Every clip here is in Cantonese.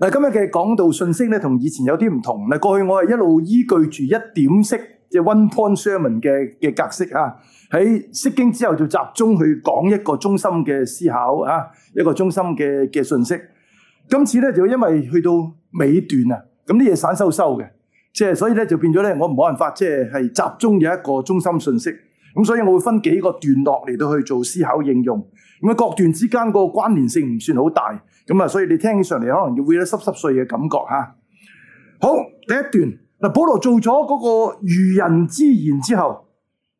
嗱，今日嘅講道信息咧，同以前有啲唔同。嗱，過去我係一路依據住一點式，即係 one point sermon 嘅嘅格式啊，喺釋經之後就集中去講一個中心嘅思考啊，一個中心嘅嘅信息。今次咧就因為去到尾段啊，咁啲嘢散收收嘅，即係所以咧就變咗咧，我唔冇辦法即係係集中有一個中心信息。咁所以，我會分幾個段落嚟到去做思考應用。咁各段之間嗰個關聯性唔算好大，咁啊，所以你聽起上嚟可能要會有濕濕碎嘅感覺嚇。好，第一段嗱，保羅做咗嗰個愚人之言之後，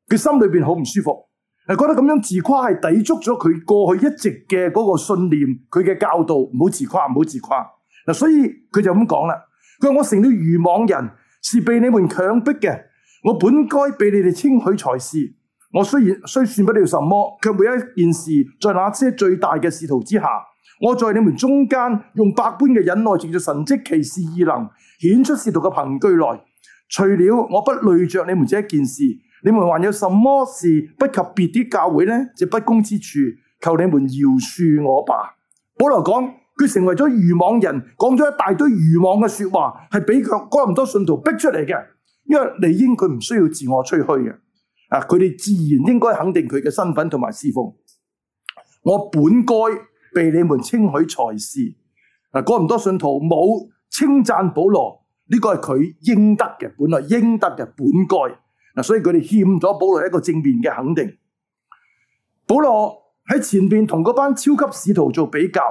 佢心裏面好唔舒服，係覺得咁樣自誇係抵觸咗佢過去一直嘅嗰個信念，佢嘅教導，唔好自誇，唔好自誇。嗱，所以佢就咁講啦，佢話我成了愚妄人，是被你們強迫嘅，我本該被你哋稱許才是。我雖然雖算不了什麼，卻每一件事，在那些最大嘅使徒之下。我在你們中間用百般嘅忍耐，藉着神蹟奇事異能顯出使徒嘅憑據來。除了我不累着你們這一件事，你們還有什麼事不及別啲教會呢？這不公之處，求你們饒恕我吧。保羅講，佢成為咗愚妄人，講咗一大堆愚妄嘅說話，係俾佢咁多信徒逼出嚟嘅，因為理應佢唔需要自我吹嘘嘅。啊！佢哋自然應該肯定佢嘅身份同埋侍奉。我本該被你們稱許才是。嗱，咁多信徒冇稱讚保羅，呢個係佢應得嘅，本來應得嘅，本該。所以佢哋欠咗保羅一個正面嘅肯定。保羅喺前邊同嗰班超級使徒做比較，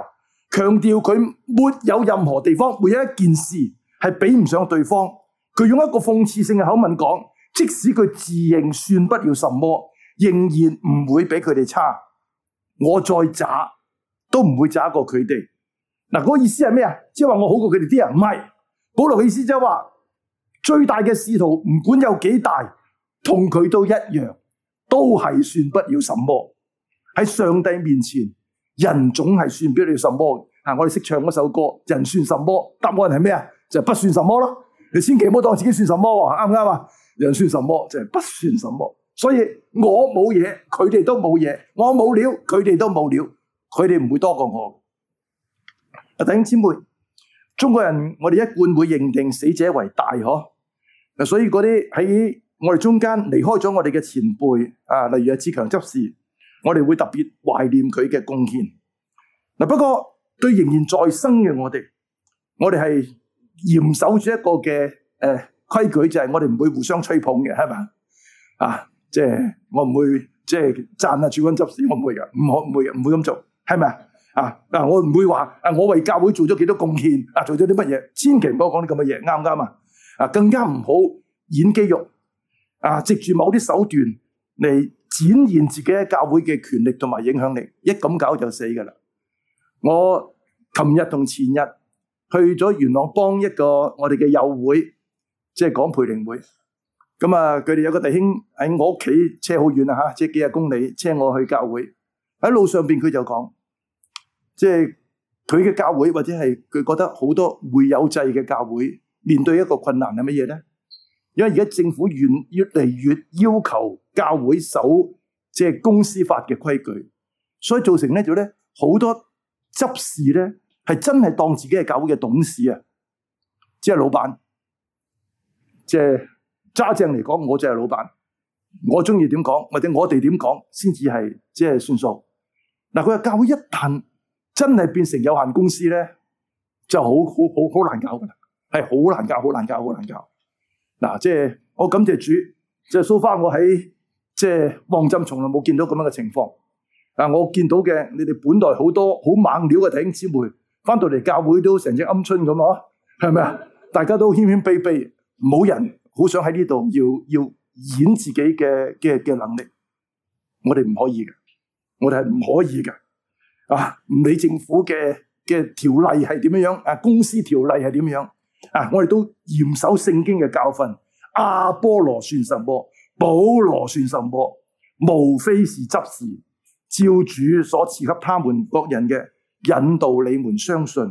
強調佢沒有任何地方，沒有一件事係比唔上對方。佢用一個諷刺性嘅口吻講。即使佢自認算不了什麼，仍然唔會比佢哋差。我再渣都唔會渣過佢哋。嗱，嗰意思係咩啊？即係話我好過佢哋啲人？唔係。保羅的意思即係話最大嘅使徒，唔管有幾大，同佢都一樣，都係算不了什麼。喺上帝面前，人總係算不了什麼。吓，我哋識唱嗰首歌，人算什麼？答案係咩啊？就是不算什麼咯。你千祈唔好當自己算什麼，啱唔啱啊？人算什麼，就係不算什麼。所以我冇嘢，佢哋都冇嘢；我冇料，佢哋都冇料。佢哋唔會多過我。啊，弟兄姊妹，中國人我哋一貫會認定死者為大，嗬。嗱，所以嗰啲喺我哋中間離開咗我哋嘅前輩啊，例如阿志強執事，我哋會特別懷念佢嘅貢獻。啊，不過對仍然在生嘅我哋，我哋係嚴守住一個嘅誒。規矩就係我哋唔會互相吹捧嘅，係咪啊？即係我唔會，即係讚啊主君執事，我唔會嘅，唔可唔會唔會咁做，係咪啊？啊，我唔會話啊，我為教會做咗幾多貢獻啊，做咗啲乜嘢？千祈唔好講啲咁嘅嘢，啱唔啱啊？更加唔好演肌肉啊！藉住某啲手段嚟展現自己喺教會嘅權力同埋影響力，一咁搞就死噶啦！我琴日同前日去咗元朗幫一個我哋嘅友會。即係講培靈會，咁啊，佢哋有個弟兄喺我屋企車好遠啊吓，車幾十公里，車我去教會。喺路上邊佢就講，即係佢嘅教會或者係佢覺得好多會有制嘅教會面對一個困難係乜嘢咧？因為而家政府越越嚟越要求教會守即係公司法嘅規矩，所以造成咧就咧好多執事咧係真係當自己係教會嘅董事啊，即係老闆。即係揸正嚟講我就係老闆，我中意點講或者我哋點講先至係即係算數。嗱，佢嘅教會一旦真係變成有限公司咧，就好好好好難搞噶啦，係好難搞，好難搞，好難搞。嗱，即係我感謝主，即係 so far。我喺即係旺浸，從來冇見到咁樣嘅情況。嗱，我見到嘅你哋本來好多好猛料嘅弟兄姊妹，翻到嚟教會都成隻鵪鶉咁啊，係咪啊？ 大家都謙謙卑卑。冇人好想喺呢度要要演自己嘅嘅嘅能力，我哋唔可以嘅，我哋係唔可以嘅，啊！唔理政府嘅嘅條例係點樣，啊公司條例係點樣，啊我哋都嚴守聖經嘅教訓。亞、啊、亞波羅算什麼？保羅算什麼？無非是執事，照主所賜給他們各人嘅引導，你們相信。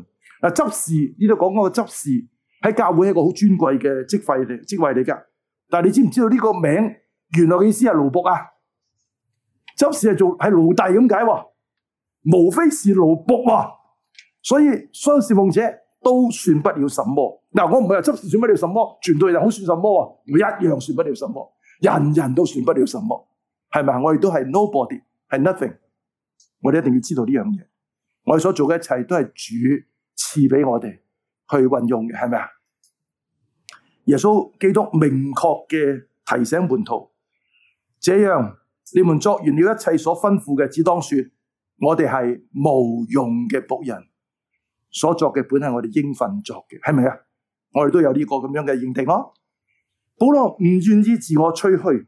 嗱，執事呢度講嗰個執事。喺教會係一個好尊貴嘅職位嚟，職位嚟噶。但係你知唔知道呢個名原來嘅意思係奴僕啊？執事係做係奴隸咁解喎，無非是奴僕喎。所以所有侍奉者都算不了什麼。嗱，我唔係話執事算不了什麼，傳道人好算什麼，一樣算不了什麼，人人都算不了什麼，係咪？我哋都係 nobody，係 nothing。我哋一定要知道呢樣嘢，我哋所做嘅一切都係主賜俾我哋。去運用嘅係咪啊？耶穌基督明確嘅提醒門徒，這樣你們作完了一切所吩咐嘅，只當說：我哋係無用嘅僕人，所作嘅本係我哋應份作嘅，係咪啊？我哋都有呢個咁樣嘅認定咯。保羅唔願意自我吹噓，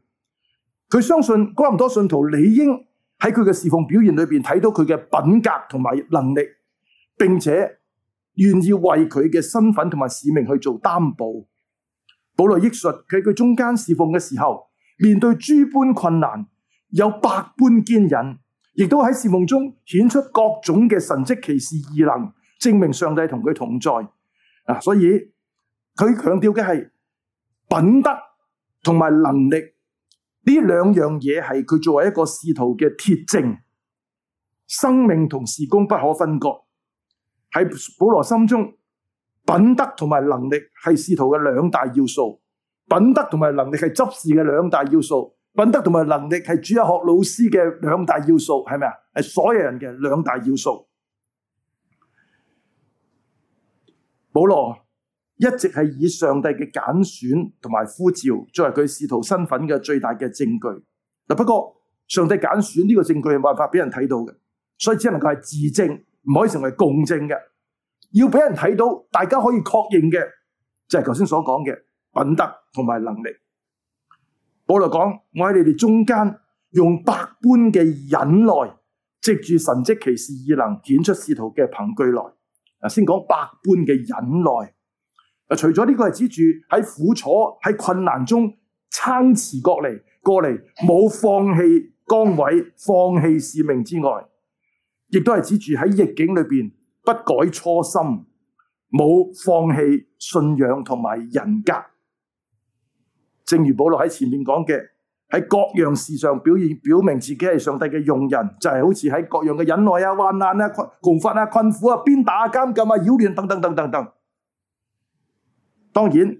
佢相信哥林多信徒理應喺佢嘅侍奉表現裏邊睇到佢嘅品格同埋能力，並且，願意為佢嘅身份同埋使命去做擔保。保羅憶述喺佢中間侍奉嘅時候，面對諸般困難，有百般堅忍，亦都喺侍奉中顯出各種嘅神蹟奇事異能，證明上帝同佢同在。啊，所以佢強調嘅係品德同埋能力呢兩樣嘢係佢作為一個使徒嘅鐵證。生命同事工不可分割。喺保羅心中，品德同埋能力係使徒嘅兩大要素；品德同埋能力係執事嘅兩大要素；品德同埋能力係主日學老師嘅兩大要素，係咪啊？係所有人嘅兩大要素。保羅一直係以上帝嘅揀選同埋呼召作為佢使徒身份嘅最大嘅證據。不過上帝揀選呢個證據係冇辦法俾人睇到嘅，所以只能夠係自證。唔可以成為共證嘅，要俾人睇到，大家可以確認嘅，就係頭先所講嘅品德同埋能力。保羅講，我喺你哋中間，用百般嘅忍耐，藉住神蹟奇事異能，顯出使徒嘅憑據來。先講百般嘅忍耐。除咗呢個係指住喺苦楚、喺困難中撐持過嚟，過嚟冇放棄崗位、放棄使命之外。亦都係指住喺逆境裏邊不改初心，冇放棄信仰同埋人格。正如保羅喺前面講嘅，喺各樣事上表現表明自己係上帝嘅用人，就係、是、好似喺各樣嘅忍耐啊、患難啊、窮乏啊、困苦啊、鞭打、啊、監禁啊、擾亂、啊、等、等等等等等。當然，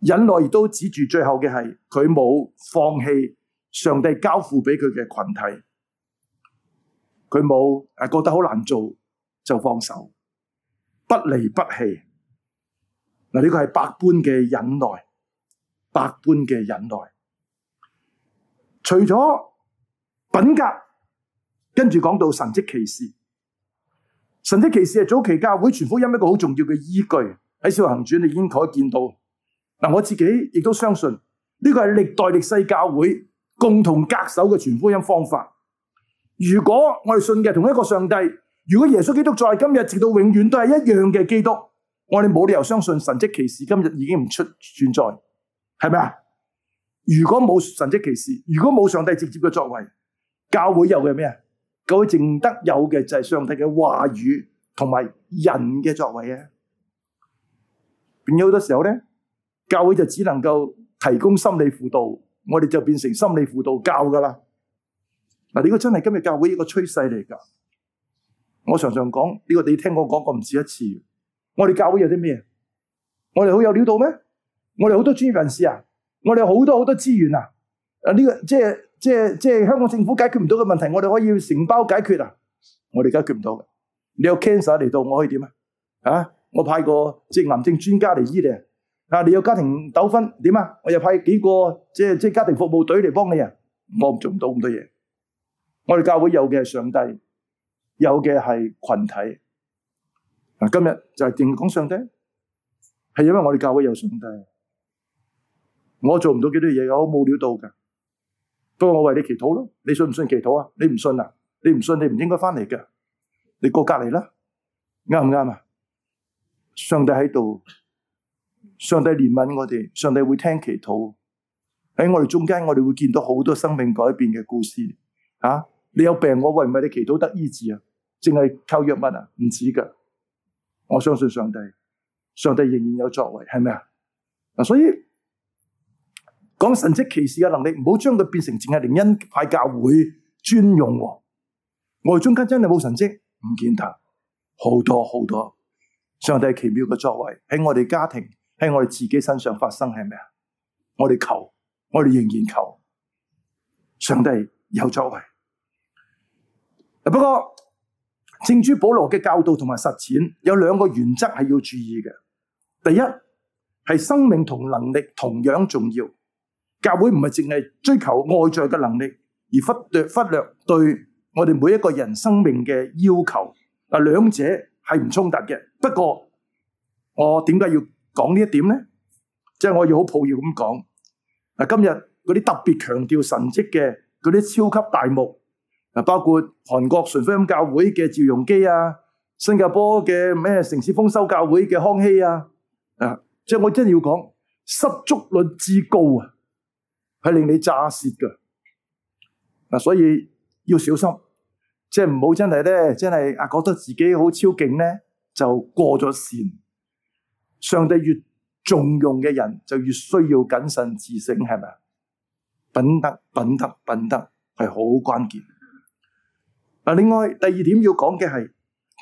忍耐亦都指住最後嘅係佢冇放棄上帝交付俾佢嘅群體。佢冇誒，覺得好難做就放手，不離不棄。嗱，呢個係百般嘅忍耐，百般嘅忍耐。除咗品格，跟住講到神蹟奇事，神蹟奇事係早期教會傳福音一個好重要嘅依據。喺《使徒行傳》你已經可以見到。嗱，我自己亦都相信呢個係歷代歷世教會共同恪守嘅傳福音方法。如果我哋信嘅同一個上帝，如果耶穌基督在今日直到永遠都係一樣嘅基督，我哋冇理由相信神跡奇事今日已經唔存在，係咪啊？如果冇神跡奇事，如果冇上帝直接嘅作為，教會有嘅咩啊？教會淨得有嘅就係上帝嘅話語同埋人嘅作為啊！變咗好多時候呢，教會就只能夠提供心理輔導，我哋就變成心理輔導教噶啦。嗱，呢個真係今日教會一個趨勢嚟噶。我常常講呢個，你聽我講過唔止一次。我哋教會有啲咩？我哋好有料到咩？我哋好多專業人士啊！我哋好多好多資源啊！啊，呢個即係即係即係香港政府解決唔到嘅問題，我哋可以承包解決啊！我哋解決唔到嘅，你有 cancer 嚟到，我可以點啊？啊，我派個即係癌症專家嚟醫你啊！你有家庭糾紛點啊？我又派幾個即係即係家庭服務隊嚟幫你啊！我做唔到咁多嘢。我哋教會有嘅係上帝，有嘅係群體。嗱，今日就係淨講上帝，係因為我哋教會有上帝。我做唔到幾多嘢，我冇料到噶。不過我為你祈禱咯，你信唔信祈禱啊？你唔信啊？你唔信你唔應該翻嚟噶，你過隔籬啦。啱唔啱啊？上帝喺度，上帝憐憫我哋，上帝會聽祈禱。喺我哋中間，我哋會見到好多生命改變嘅故事啊！你有病、啊，我為唔為你祈禱得醫治啊？淨係靠藥物啊？唔止噶，我相信上帝，上帝仍然有作為，係咪啊？嗱，所以講神蹟奇事嘅能力，唔好將佢變成淨係靈恩派教會專用、啊。我哋中間真係冇神蹟，唔見得好多好多。上帝奇妙嘅作為喺我哋家庭，喺我哋自己身上發生係咪啊？我哋求，我哋仍然求，上帝有作為。不過聖主保羅嘅教導同埋實踐有兩個原則係要注意嘅。第一係生命同能力同樣重要，教會唔係淨係追求外在嘅能力，而忽略忽略對我哋每一個人生命嘅要求。嗱，兩者係唔衝突嘅。不過我點解要講呢一點呢？即係我要好抱歉咁講。今日嗰啲特別強調神跡嘅嗰啲超級大牧。包括韓國純福音教會嘅趙容基啊，新加坡嘅咩城市豐收教會嘅康熙啊，啊，即係我真要講失足率之高啊，係令你炸舌噶。所以要小心，即係唔好真係咧，真係啊覺得自己好超勁呢，就過咗線。上帝越重用嘅人，就越需要謹慎自省，係咪啊？品德、品德、品德係好關鍵。嗱，另外第二點要講嘅係，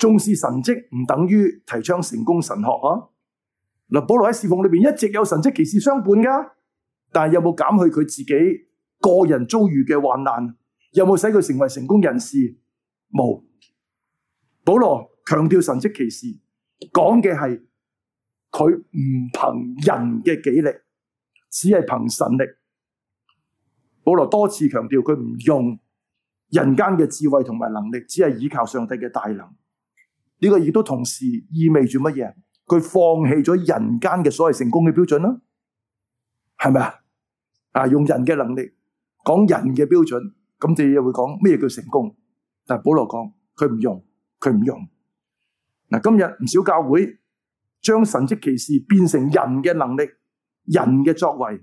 重視神蹟唔等於提倡成功神學啊。嗱，保羅喺侍奉裏邊一直有神迹奇事相伴噶，但係有冇減去佢自己個人遭遇嘅患難？有冇使佢成為成功人士？冇。保羅強調神蹟奇事，講嘅係佢唔憑人嘅己力，只係憑神力。保羅多次強調佢唔用。人間嘅智慧同埋能力，只係依靠上帝嘅大能。呢、這個亦都同時意味住乜嘢？佢放棄咗人間嘅所謂成功嘅標準啦，係咪啊？啊，用人嘅能力，講人嘅標準，咁你又會講咩叫成功？但係保羅講，佢唔用，佢唔用。嗱、啊，今日唔少教會將神蹟奇事變成人嘅能力、人嘅作為，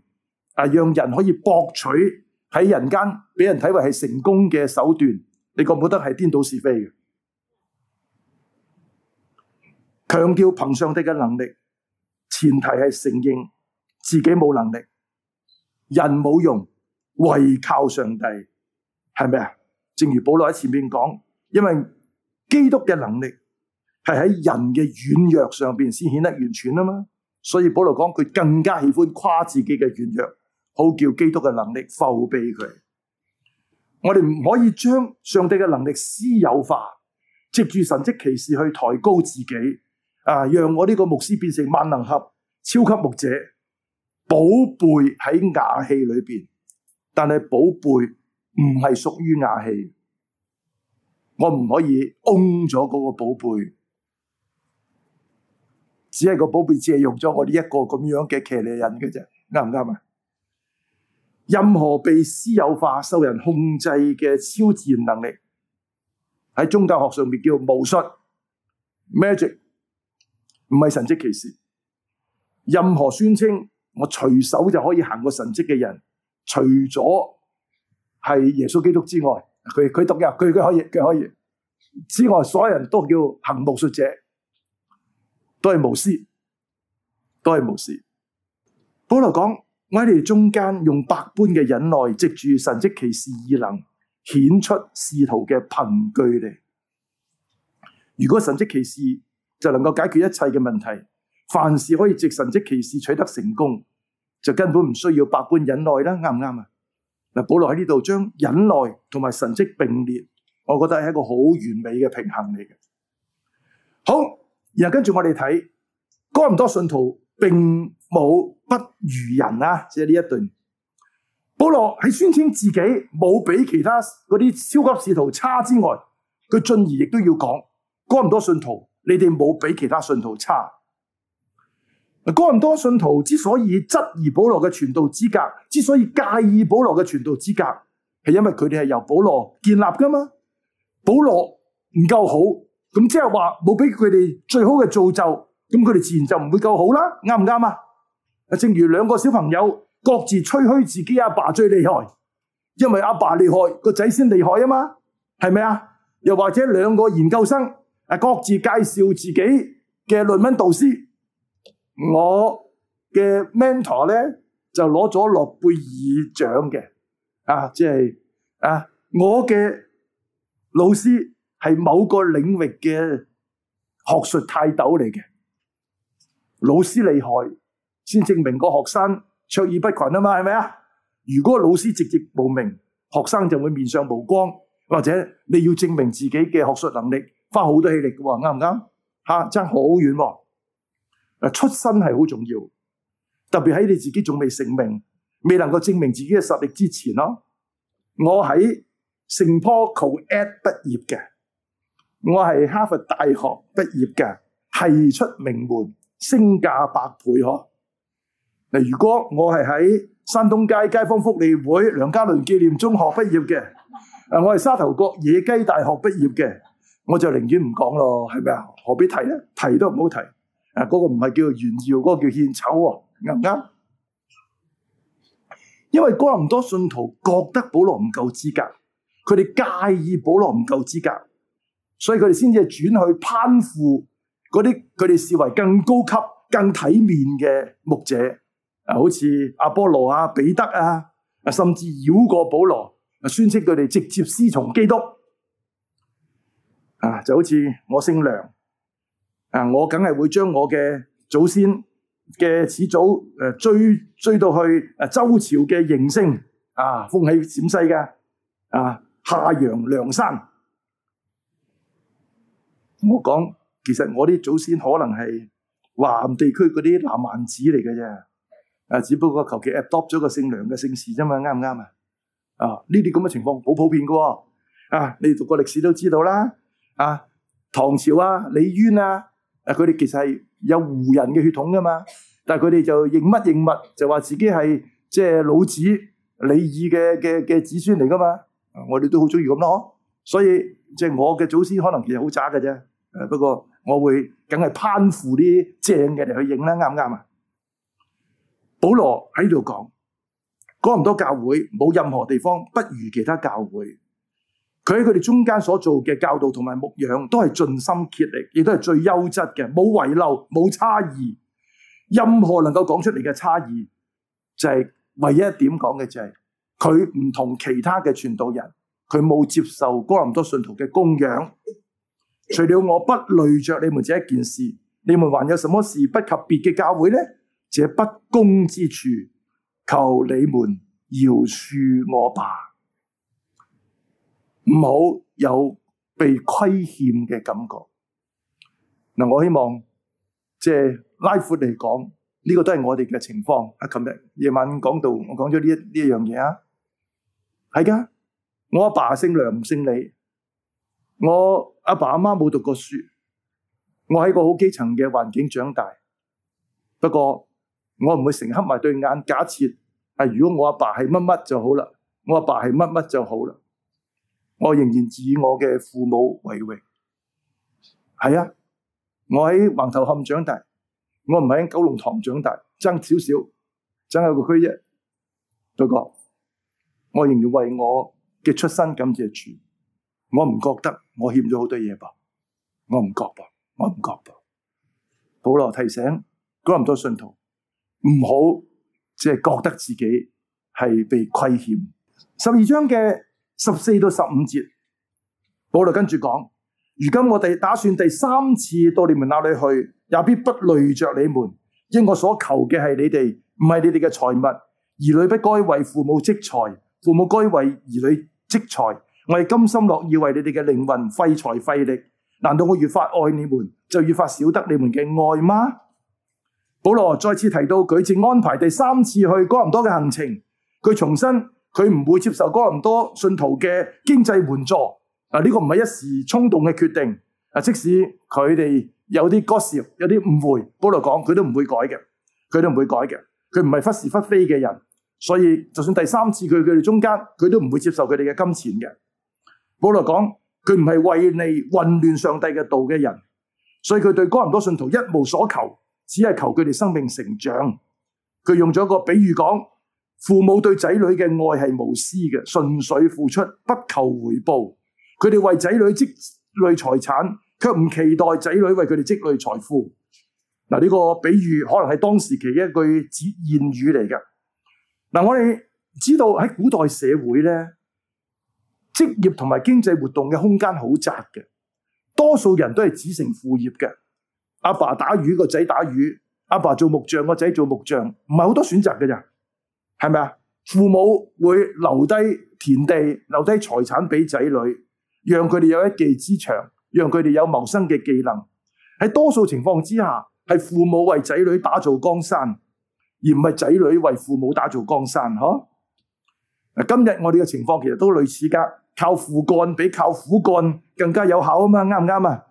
啊，讓人可以博取。喺人間俾人睇為係成功嘅手段，你覺唔覺得係顛倒是非嘅？強調憑上帝嘅能力，前提係承認自己冇能力，人冇用，唯靠上帝，係咪啊？正如保羅喺前面講，因為基督嘅能力係喺人嘅軟弱上面先顯得完全啊嘛，所以保羅講佢更加喜歡誇自己嘅軟弱。好叫基督嘅能力，覆庇佢。我哋唔可以將上帝嘅能力私有化，接住神迹奇事去抬高自己。啊，讓我呢個牧師變成萬能俠、超級牧者，寶貝喺瓦器裏邊，但係寶貝唔係屬於瓦器。我唔可以 own 咗嗰個寶貝，只係個寶貝只係用咗我呢一個咁樣嘅騎呢人嘅啫，啱唔啱啊？任何被私有化、受人控制嘅超自然能力，喺宗教學上面叫巫術 （magic），唔係神蹟奇事。任何宣稱我隨手就可以行過神蹟嘅人，除咗係耶穌基督之外，佢佢獨有，佢佢可以佢可以，可以之外，所有人都叫行巫術者，都係巫師，都係巫師。保羅講。我喺你哋中間用百般嘅忍耐，藉住，神蹟奇事異能，顯出使徒嘅憑據嚟。如果神蹟奇事就能夠解決一切嘅問題，凡事可以藉神蹟奇事取得成功，就根本唔需要百般忍耐啦。啱唔啱啊？嗱，保羅喺呢度將忍耐同埋神蹟並列，我覺得係一個好完美嘅平衡嚟嘅。好，然後跟住我哋睇，哥林多信徒並，冇不如人啊！即係呢一段，保羅喺宣稱自己冇比其他嗰啲超級使徒差之外，佢進而亦都要講：哥林多信徒，你哋冇比其他信徒差。哥林多信徒之所以質疑保羅嘅傳道資格，之所以介意保羅嘅傳道資格，係因為佢哋係由保羅建立噶嘛。保羅唔夠好，咁即係話冇俾佢哋最好嘅造就，咁佢哋自然就唔會夠好啦。啱唔啱啊？正如兩個小朋友各自吹噓自己阿爸最厲害，因為阿爸厲害，個仔先厲害啊嘛，係咪啊？又或者兩個研究生啊，各自介紹自己嘅論文導師，我嘅 mentor 呢就攞咗諾貝爾獎嘅，啊，即係啊，我嘅老師係某個領域嘅學術泰斗嚟嘅，老師厲害。先證明個學生卓爾不群啊嘛，係咪啊？如果老師籍籍無名，學生就會面上無光，或者你要證明自己嘅學術能力，花好多氣力嘅喎，啱唔啱？吓、啊，差好遠喎、啊。出身係好重要，特別喺你自己仲未成名、未能夠證明自己嘅實力之前咯。我喺聖坡考 at 畢業嘅，我係哈佛大學畢業嘅，係出名門，身價百倍嗬。如果我係喺山東街街坊福利會梁家麟紀念中學畢業嘅，我係沙頭角野雞大學畢業嘅，我就寧願唔講咯，係咪啊？何必提呢？提都唔好提。誒、啊，嗰個唔係叫炫耀，嗰個叫獻醜喎，啱唔啱？因為哥林多信徒覺得保羅唔夠資格，佢哋介意保羅唔夠資格，所以佢哋先至轉去攀附嗰啲佢哋視為更高級、更體面嘅牧者。好似阿波羅啊、彼得啊，甚至繞過保羅，宣稱佢哋直接師從基督。啊，就好似我姓梁，啊，我梗係會將我嘅祖先嘅始祖誒、啊、追追到去誒周朝嘅嬴姓啊，封喺陝西嘅啊夏陽梁山。啊、梁山我講，其實我啲祖先可能係華南地區嗰啲南蠻子嚟嘅啫。啊，只不過求其 adopt 咗個姓梁嘅姓氏啫嘛，啱唔啱啊？啊，呢啲咁嘅情況好普遍嘅，哦，啊，你讀過歷史都知道啦，啊，唐朝啊，李淵啊，啊，佢哋其實係有胡人嘅血統噶嘛，但係佢哋就認乜認物，就話自己係即係老子李耳嘅嘅嘅子孫嚟噶嘛，啊、我哋都好中意咁咯，所以即係我嘅祖先可能其實好渣嘅啫，誒、啊，不過我會梗係攀附啲正嘅嚟去認啦，啱唔啱啊？保羅喺度講，哥林多教會冇任何地方不如其他教會。佢喺佢哋中間所做嘅教導同埋牧養都係盡心竭力，亦都係最優質嘅，冇遺漏、冇差異。任何能夠講出嚟嘅差異，就係、是、唯一一點講嘅就係佢唔同其他嘅傳道人，佢冇接受哥林多信徒嘅供養。除了我不累着你們這一件事，你們還有什麼事不及別嘅教會呢？這不公之處，求你們饒恕我吧，唔好有被虧欠嘅感覺。嗱，我希望即係拉闊嚟講，呢個都係我哋嘅情況。阿琴日夜晚講到，我講咗呢一呢一樣嘢啊，係噶，我阿爸姓梁，唔姓李，我阿爸阿媽冇讀過書，我喺個好基層嘅環境長大，不過。我唔會成黑埋對眼，假設啊，如果我阿爸係乜乜就好啦，我阿爸係乜乜就好啦，我仍然以我嘅父母為榮。係啊，我喺橫頭磡長大，我唔喺九龍塘長大，爭少少，爭有個區啫。大哥，我仍然為我嘅出生感謝主。我唔覺得我欠咗好多嘢噃，我唔覺噃，我唔覺噃。保羅提醒哥林多信徒。唔好即係覺得自己係被虧欠。十二章嘅十四到十五節，保羅跟住講：如今我哋打算第三次到你們那裏去，也必不累着你們。因我所求嘅係你哋，唔係你哋嘅財物。兒女不該為父母積財，父母該為兒女積財。我係甘心樂意為你哋嘅靈魂費財費力。難道我越發愛你們，就越發少得你們嘅愛嗎？保羅再次提到，佢已經安排第三次去哥林多嘅行程，佢重申佢唔會接受哥林多信徒嘅經濟援助。啊，呢、這個唔係一時衝動嘅決定。啊、即使佢哋有啲割舌，有啲誤會，保羅講佢都唔會改嘅，佢都唔會改嘅。佢唔係忽是忽，時忽非嘅人，所以就算第三次去佢哋中間，佢都唔會接受佢哋嘅金錢。保羅講佢唔係為利混亂上帝嘅道嘅人，所以佢對哥林多信徒一無所求。只係求佢哋生命成長，佢用咗個比喻講：父母對仔女嘅愛係無私嘅，純粹付出，不求回報。佢哋為仔女積累財產，卻唔期待仔女為佢哋積累財富。嗱，呢個比喻可能係當時期嘅一句子諺語嚟嘅。嗱，我哋知道喺古代社會咧，職業同埋經濟活動嘅空間好窄嘅，多數人都係子承父業嘅。阿爸打魚，個仔打魚，阿爸做木匠，個仔做木匠，唔係好多選擇噶咋？係咪啊？父母會留低田地、留低財產俾仔女，讓佢哋有一技之長，讓佢哋有謀生嘅技能。喺多數情況之下，係父母爲仔女打造江山，而唔係仔女爲父母打造江山。嗬！今日我哋嘅情況其實都類似噶，靠父幹比靠苦幹更加有效啊嘛，啱唔啱啊？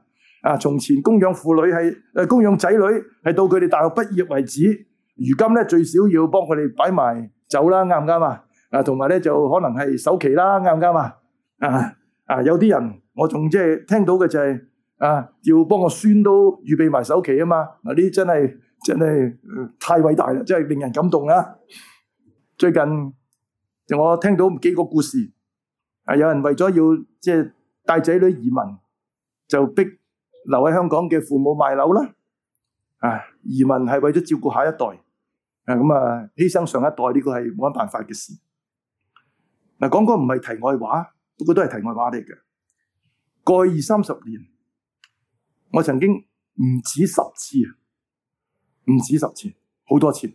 啊！從前供養父女係誒、呃、供養仔女係到佢哋大學畢業為止，如今咧最少要幫佢哋擺埋酒啦，啱唔啱啊？啊，同埋咧就可能係首期啦，啱唔啱啊？啊啊！有啲人我仲即係聽到嘅就係、是、啊，要幫個孫都預備埋首期啊嘛！嗱、啊，呢啲真係真係太偉大啦，真係、呃、令人感動啊！最近就我聽到幾個故事，啊，有人為咗要即係帶仔女移民，就逼留喺香港嘅父母賣樓啦，啊！移民係為咗照顧下一代，啊咁啊犧牲上一代呢個係冇乜辦法嘅事。嗱，啊，講嗰唔係題外話，不過都係題外話嚟嘅。過去二三十年，我曾經唔止十次，唔止十次，好多次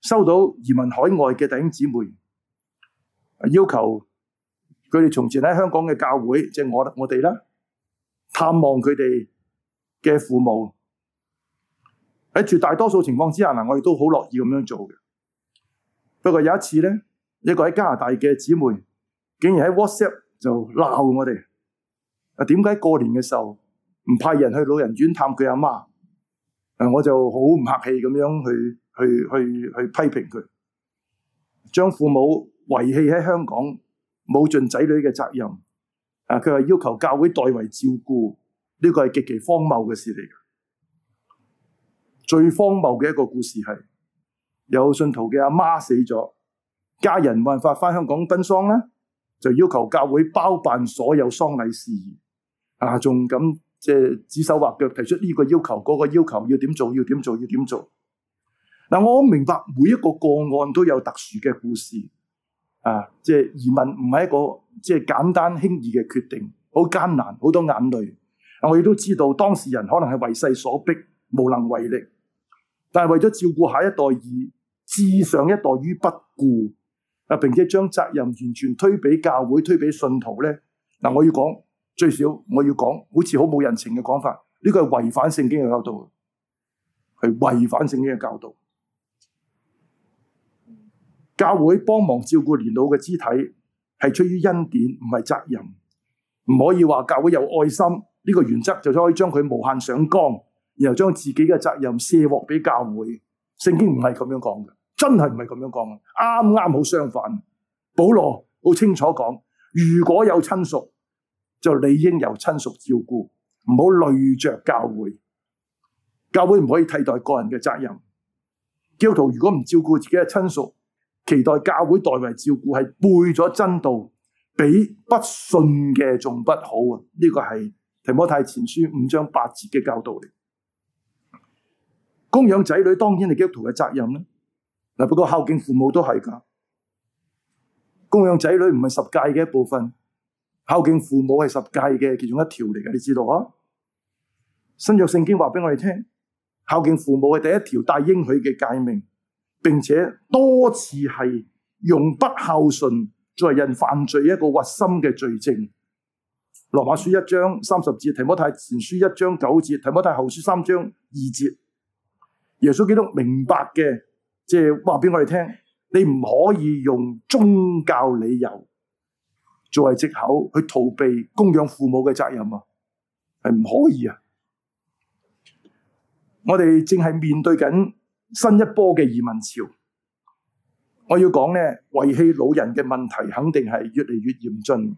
收到移民海外嘅弟兄姊妹要求，佢哋從前喺香港嘅教會，即係我我哋啦。探望佢哋嘅父母，喺絕大多數情況之下，嗱，我哋都好樂意咁樣做嘅。不過有一次咧，一個喺加拿大嘅姊妹，竟然喺 WhatsApp 就鬧我哋，啊點解過年嘅時候唔派人去老人院探佢阿媽？啊我就好唔客氣咁樣去去去去批評佢，將父母遺棄喺香港，冇盡仔女嘅責任。啊！佢係要求教會代為照顧，呢個係極其荒謬嘅事嚟嘅。最荒謬嘅一個故事係有信徒嘅阿媽死咗，家人冇辦法翻香港奔喪啦，就要求教會包辦所有喪禮事宜，啊，仲咁即係指手畫腳提出呢個要求，嗰個要求要點做，要點做，要點做。嗱，啊，我明白每一個個案都有特殊嘅故事，啊，即係移民唔係一個。即係簡單輕易嘅決定，好艱難，好多眼淚。我亦都知道當事人可能係為勢所逼，無能為力。但係為咗照顧下一代而置上一代於不顧，啊，並且將責任完全推俾教會、推俾信徒咧。嗱，我要講最少，我要講好似好冇人情嘅講法，呢個係違反聖經嘅教導，係違反聖經嘅教導。教會幫忙照顧年老嘅肢體。係出於恩典，唔係責任，唔可以話教會有愛心呢個原則，就可以將佢無限上綱，然後將自己嘅責任卸鑊俾教會。聖經唔係咁樣講嘅，真係唔係咁樣講嘅，啱啱好相反。保羅好清楚講，如果有親屬，就理應由親屬照顧，唔好累着教會。教會唔可以替代個人嘅責任。基督徒如果唔照顧自己嘅親屬，期待教會代為照顧，係背咗真道，比不信嘅仲不好啊！呢個係提摩太前書五章八節嘅教導嚟。供養仔女當然係基督徒嘅責任啦。嗱，不過孝敬父母都係噶。供養仔女唔係十誡嘅一部分，孝敬父母係十誡嘅其中一條嚟嘅，你知道啊？新約聖經話俾我哋聽，孝敬父母係第一條帶應許嘅誡命。並且多次係用不孝順作為人犯罪一個核心嘅罪證。羅馬書一章三十節，提摩太前書一章九節，提摩太後書三章二節，耶穌基督明白嘅，即係話俾我哋聽，你唔可以用宗教理由作為藉口去逃避供養父母嘅責任啊，係唔可以啊！我哋正係面對緊。新一波嘅移民潮，我要講呢遺棄老人嘅問題肯定係越嚟越嚴峻。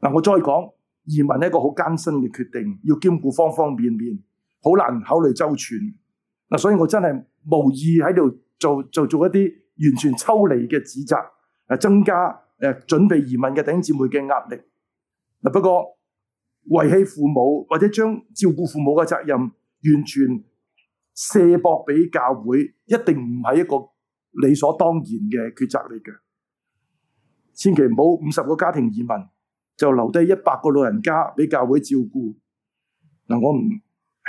嗱，我再講移民係一個好艱辛嘅決定，要兼顧方方面面，好難考慮周全。嗱，所以我真係無意喺度做做做一啲完全抽離嘅指責，誒，增加誒準備移民嘅弟兄姊妹嘅壓力。嗱，不過遺棄父母或者將照顧父母嘅責任完全。卸膊俾教會一定唔係一個理所當然嘅抉擇嚟嘅，千祈唔好五十個家庭移民就留低一百個老人家俾教會照顧。嗱，我唔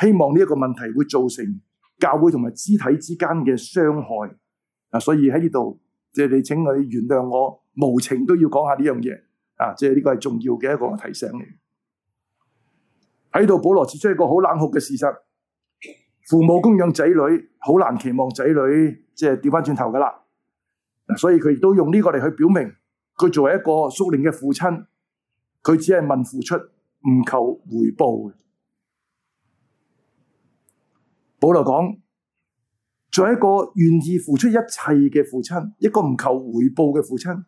希望呢一個問題會造成教會同埋肢體之間嘅傷害。嗱，所以喺呢度，即係你請你原諒我，無情都要講下呢樣嘢。啊，即係呢個係重要嘅一個提醒嚟。喺度，保羅指出一個好冷酷嘅事實。父母供養仔女，好難期望仔女即係掉翻轉頭㗎喇。所以佢亦都用呢個嚟去表明，佢作為一個屬靈嘅父親，佢只係問付出，唔求回報嘅。保羅講，作為一個願意付出一切嘅父親，一個唔求回報嘅父親，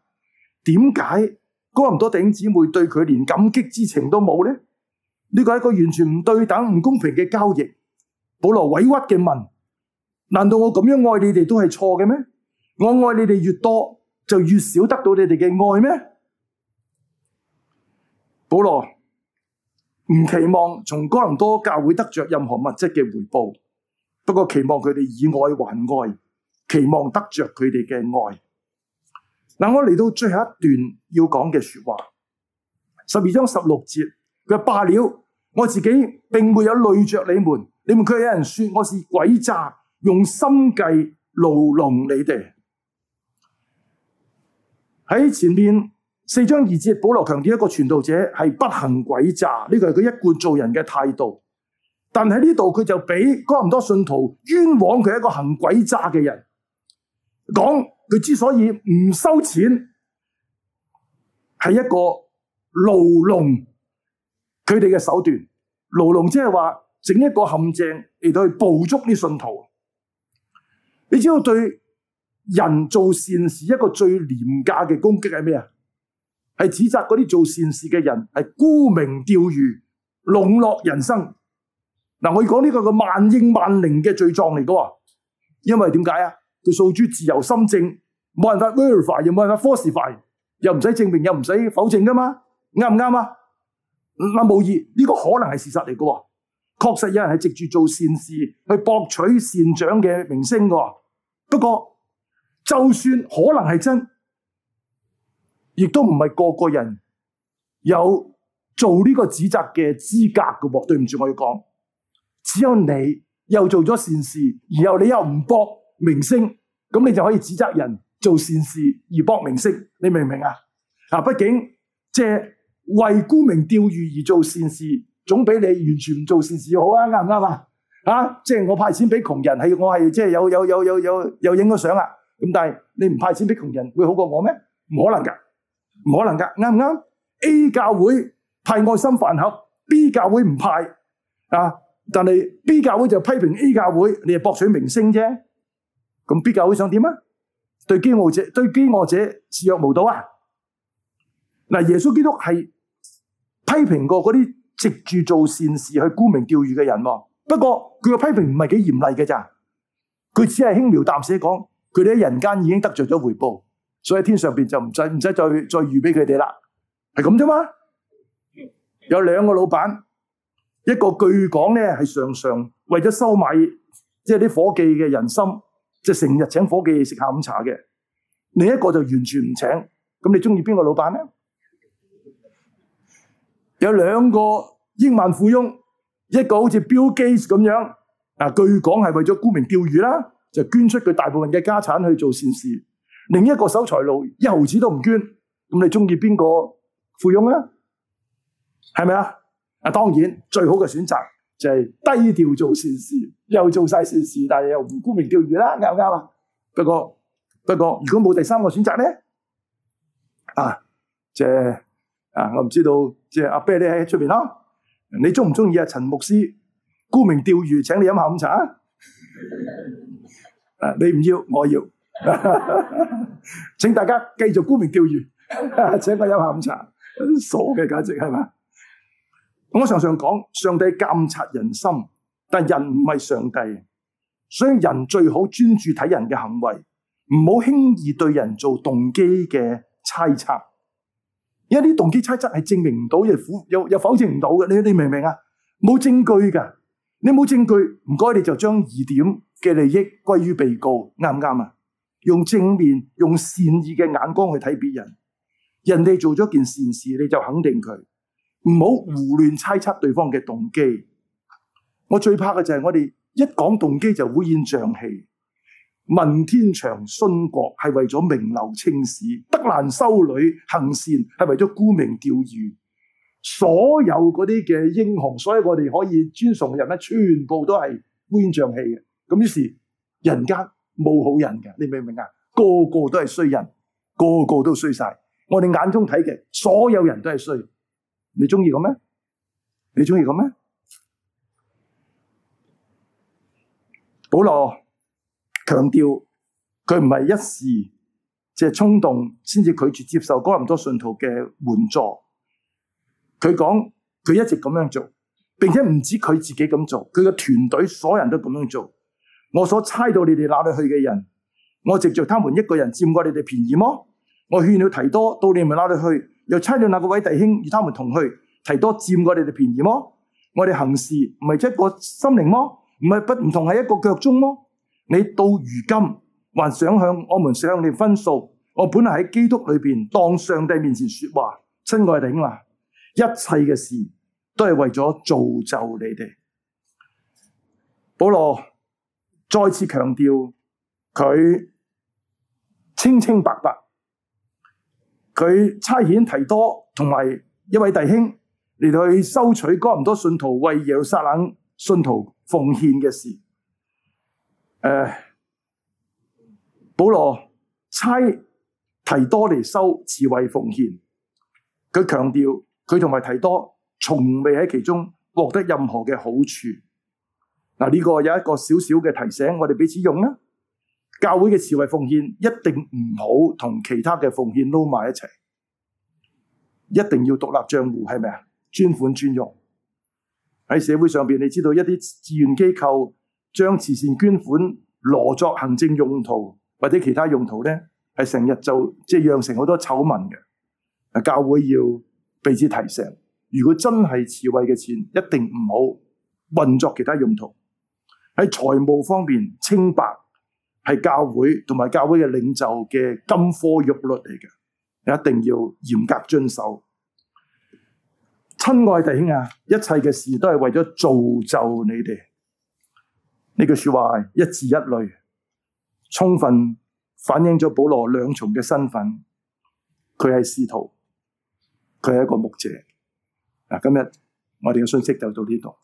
點解咁多弟兄姊妹對佢連感激之情都冇呢？呢個係一個完全唔對等、唔公平嘅交易。保羅委屈嘅問：難道我咁樣愛你哋都係錯嘅咩？我愛你哋越多，就越少得到你哋嘅愛咩？保羅唔期望從哥林多教會得着任何物質嘅回報，不過期望佢哋以愛還愛，期望得着佢哋嘅愛。嗱，我嚟到最後一段要講嘅說話，十二章十六節，佢話：罷了，我自己並沒有累着你們。你們，佢有人說我是鬼詐，用心計牢籠你哋。喺前面四章二節，保羅強調一個傳道者係不行鬼詐，呢、這個係佢一貫做人嘅態度。但喺呢度佢就俾咁多信徒冤枉佢一個行鬼詐嘅人，講佢之所以唔收錢係一個牢籠佢哋嘅手段，牢籠即係話。整一個陷阱嚟去捕捉啲信徒，你知道對人做善事一個最廉價嘅攻擊係咩啊？係指責嗰啲做善事嘅人係沽名釣譽、籠絡人生。嗱、啊，我講呢個係萬應萬靈嘅罪狀嚟噶，因為點解啊？佢訴諸自由心證，冇辦法 verify，又冇辦法 falsify，又唔使證明，又唔使否證噶嘛？啱唔啱啊？那、嗯、無疑呢、呢個可能係事實嚟噶。確實有人係藉住做善事去博取善長嘅名聲。不過，就算可能係真，亦都唔係個個人有做呢個指責嘅資格嘅。對唔住，我要講，只有你又做咗善事，然後你又唔博名聲，咁你就可以指責人做善事而博名聲。你明唔明啊？啊，畢竟借為沽名釣譽而做善事。總比你完全唔做善事好啊，啱唔啱啊？啊，即係我派錢俾窮人係，我係即係有有有有有有影咗相啊。咁但係你唔派錢俾窮人會好過我咩？唔可能噶，唔可能噶，啱唔啱？A 教會派愛心飯盒，B 教會唔派啊。但係 B 教會就批評 A 教會，你係博取名聲啫。咁 B 教會想點啊？對飢餓者，對飢餓者視若無睹啊？嗱、啊，耶穌基督係批評過嗰啲。食住做善事去沽名釣譽嘅人，不過佢嘅批評唔係幾嚴厲嘅咋，佢只係輕描淡寫講佢哋喺人間已經得著咗回報，所以天上邊就唔使唔使再再預俾佢哋啦，係咁啫嘛。有兩個老闆，一個據講咧係常常為咗收買即係啲伙計嘅人心，就成日請伙計食下午茶嘅，另一個就完全唔請。咁你中意邊個老闆咧？有兩個億萬富翁，一個好似 Bill Gates 咁樣，啊，據講係為咗沽名釣譽啦，就捐出佢大部分嘅家產去做善事；另一個守財奴，一毫子都唔捐。咁你鍾意邊個富翁呢？係咪啊？啊，當然最好嘅選擇就係低調做善事，又做晒善事，但係又唔沽名釣譽啦，啱唔啱？不過不過，如果冇第三個選擇呢？啊，即啊！我唔知道，即係阿啤，你喺出邊咯？你中唔中意阿陳牧師沽名釣譽，請你飲下午茶。啊！你唔 要，我要， 請大家繼續沽名釣譽， 請我飲下午茶。 傻嘅簡直係嘛？我常常講，上帝監察人心，但人唔係上帝，所以人最好專注睇人嘅行為，唔好輕易對人做動機嘅猜測。而家啲動機猜測係證明唔到又否又否證唔到嘅，你明唔明啊？冇證據㗎，你冇證據，唔該你就將疑點嘅利益歸於被告，啱唔啱啊？用正面、用善意嘅眼光去睇別人，人哋做咗件善事，你就肯定佢，唔好胡亂猜測對方嘅動機。我最怕嘅就係我哋一講動機就烏煙瘴氣。文天祥，殉國係為咗名留青史，德蘭修女行善係為咗沽名釣譽。所有嗰啲嘅英雄，所以我哋可以尊崇嘅人咧，全部都係烏煙瘴氣嘅。咁於是人間冇好人嘅，你明唔明啊？個個都係衰人，個個都衰晒。我哋眼中睇嘅所有人都係衰，你中意咁咩？你中意咁咩？保羅。強調佢唔係一時，即係衝動先至拒絕接受咁多信徒嘅援助。佢講，佢一直咁樣做，並且唔止佢自己咁做，佢嘅團隊所有人都咁樣做。我所差到你哋哪裏去嘅人，我藉着他們一個人佔過你哋便宜麼？我勸了提多到你哋哪裏去，又差到那個位弟兄與他們同去，提多佔過你哋便宜麼？我哋行事唔係一個心靈麼？唔係不唔同喺一個腳蹤麼？你到如今還想向我們商量分數？我本來喺基督裏面當上帝面前說話，親愛的弟兄！一切嘅事都係為咗造就你哋。保羅再次強調佢清清白白，佢差遣提多同埋一位弟兄嚟去收取咁多信徒為耶路撒冷信徒奉獻嘅事。誒、哎，保羅差提多嚟，收慈惠奉獻，佢強調佢同埋提多從未喺其中獲得任何嘅好處。嗱，呢個有一個少少嘅提醒，我哋俾錢用啦。教會嘅慈惠奉獻一定唔好同其他嘅奉獻撈埋一齊，一定要獨立賬戶，係咪啊？專款專用。喺社會上邊，你知道一啲志願機構。將慈善捐款挪作行政用途或者其他用途咧，係成日就即係釀成好多醜聞嘅。教會要彼此提醒，如果真係慈惠嘅錢，一定唔好運作其他用途。喺財務方面清白係教會同埋教會嘅領袖嘅金科玉律嚟嘅，一定要嚴格遵守。親愛弟兄啊，一切嘅事都係為咗造就你哋。呢句說話一字一淚，充分反映咗保羅兩重嘅身份，佢係使徒，佢係一個牧者。嗱，今日我哋嘅信息就到呢度。